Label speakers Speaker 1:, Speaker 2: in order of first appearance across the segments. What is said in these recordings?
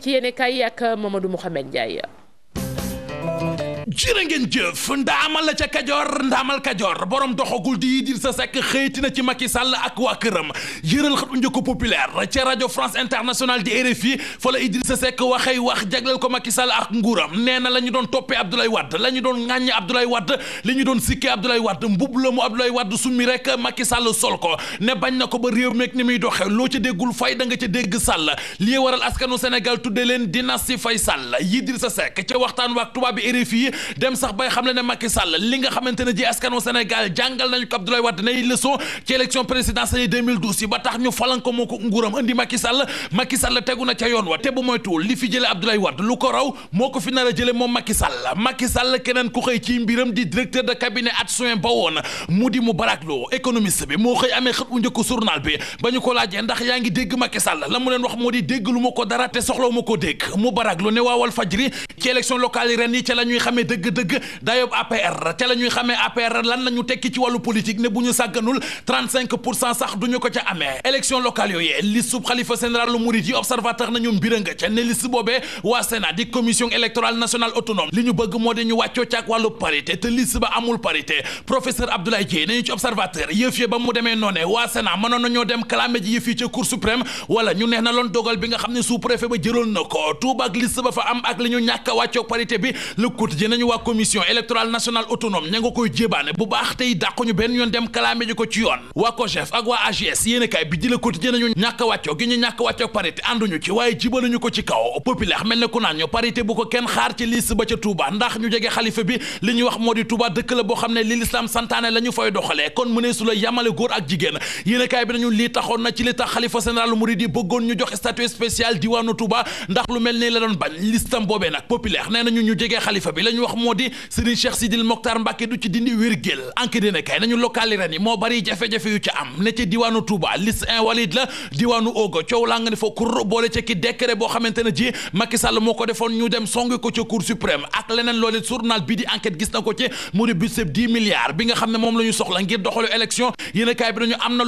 Speaker 1: ci yéene kay ak Mamadou Mouhamed Ndiaye jërë ngeen jëf ndaamal la ca kajoor ndaamal kajoor borom doxagul di Idrissa Seck xëytina ci Macky sàll ak waa këram yëral xatu njëkko populaire ca radio France Internationale di RFI fa la Idrissa Seck waxey wax jagleel ko Macky Sall ak nguuram nee na la ñu doon toppee Abdoulaye Wade la ñu doon ŋàññ Abdoulaye wadd li ñu doon sikkee Abdoulaye wadd mbub la mu Abdoulaye Wade summi rek Macky Sall sol ko ne bañ na ko ba réew meeg ni muy doxe loo ci déggul fay da nga ca dégg Sall lii waral askanu Sénégal tudde leen dynastie Faye Sall Idrissa Seck ca waxtaan waak tubaab bi RFI dem sax bay xam ne Macky Sall li nga xamante ji askanu Sénégal jàngal nañu ko Abdoulaye Wade nay leçon ci élection présidentielle yi ba tax ñu falan moo ko nguuram indi Macky Sall Macky Sall wa te bu moytuwul li fi jële Abdoulaye a jële moom Macky Sall Macky Sall keneen ku xëy ci mbiram di directeur de cabinet adjoint ba woon mu di mu barakloo économiste bi moo xëy amee xët u njëkk journal bi ba ñu ko laajee ndax yaa ngi dégg Macky Sall la mu leen wax moo di dégg lu ma ko dara te soxlaw ma ko dégg mu barakloo ne waawal dëgg-dëgg dayob APR ca la xamee APR lan tekki ci wàllu politique ne bu ñu sàgganul sax du ko ca amee élection locale yooyu liste sub xalifa général lu murit yi observateur nañu mbira nga ca ne liste boobee waa Sénat di commission électorale nationale autonome li ñu bëgg moo di ñu wàccoo caak wàllu parité te liste ba amul parité professeur Abdoulaye Dieye nañu ci observateur yëf ba mu demee noonee waa Sénat mënoon nañoo dem kalaame ji yëf ca cour nañu waa commission électorale nationale autonome ña nga koy jébaane a wàccoo gi ndax ñu jege xalifa bi li ñuy wax moo di Touba dëkk la boo xam ne li l'islam santaane la fay doxalee kon mu la yamale góor ak jigéen yéenekaay bi nañu lii taxoon na ci li tax xalifa général Mouride bëggoon ñu jox statut spécial diwaanu Touba ndax lu mel ni la doon bañ listam boobee nag populaire nee nañu ñu jege xalifa bi lañu wax wax moo di Serigne Cheikh Sidil Mokhtar Mbacke du ci dindi wérgéel enquête dina kay nañu locali ren moo bari jafe-jafe yu ci am ne ci diwaanu Touba liste invalide la diwaanu Ogo coow laa nga ne fa kur boole ca ki boo xamante ne ji Macky Sall moo ko defoon ñu dem songi ko ca Cour suprême ak leneen loole journal bi di enquête gis na ko ci mu di budget 10 milliards bi nga xam ne moom la soxla ngir doxalu élection yéen bi dañu am na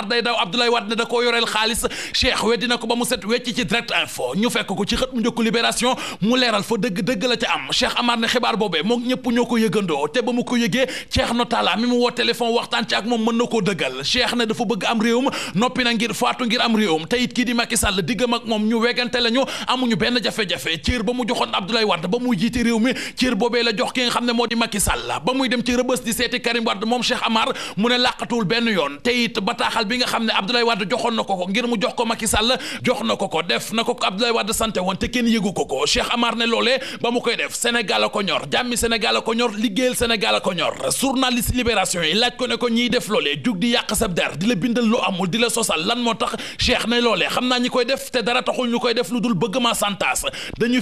Speaker 1: lu Mar day daw Abdoulaye Wade ne da koo yoreel xaalis Cheikh weddi na ko ba mu set wecc ci direct info ñu fekk ko ci xët mu njëkku libération mu leeral fa dëgg-dëgg la ca am Cheikh Amar ne xibaar boobee moom ñëpp ñoo ko yëgandoo te ba mu ko yëgee Cheikh Notala mi mu woo téléphone waxtaan ci ak moom mën na koo dëggal Cheikh ne dafa bëgg am réewum noppi na ngir faatu ngir am réewum te it kii di Macky Sall diggam ak moom ñu weggante lañu amuñu benn jafe-jafe cër ba mu joxoon Abdoulaye Wade ba muy jiite réew mi cër boobee la jox ki nga xam ne moo di Macky Sall ba muy dem ci rëbës di seeti Karim Wade moom Cheikh Amar mu ne làqatuwul benn yoon te it bataaxal bi nga xam ne Abdoulaye Wade joxoon na ko ko ngir mu jox ko Macky Sall jox na ko ko def na ko ko Abdoulaye Wade sante woon te kenn yëgu ko ko Cheikh Amar ne loolee ba mu koy def Sénégal a ko ñor jàmmi Sénégal a ko ñor liggéeyal Sénégal a ko ñor journaliste libération yi laaj ko ne ko ñiy def loolee jug di yàq sab der di la bindal lu amul di la sosal lan moo tax Cheikh ne loolee xam naa ñi koy def te dara taxul ñu koy def lu dul bëgg ma santaas dañu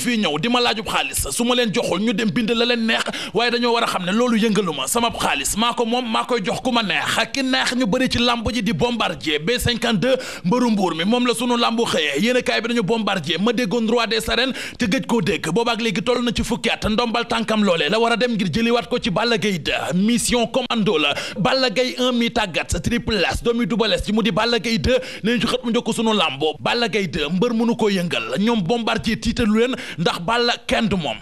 Speaker 1: la a xam ma sama xaalis maa ko moom maa koy jox ku ma bombardier B52 mbëru mbuur mi moom la sunu làmbu xëyee yéen a kaay bi dañu bombardier ma déggoon roi des arènes te gëj koo dégg boobaak léegi toll na ci fukki at ndombal tànkam loolee la war a dem ngir jëliwaat ko ci Balla Gaye 2 mission commando la Balla Gaye 1 mi tàggat triple S doomi double S ci mu di Balla Gaye 2 nañu ci xët mu njëkk sunu làmbo Balla Gaye 2 mbër mënu ko yëngal ñoom bombardier tiitalu leen ndax Balla kenn du moom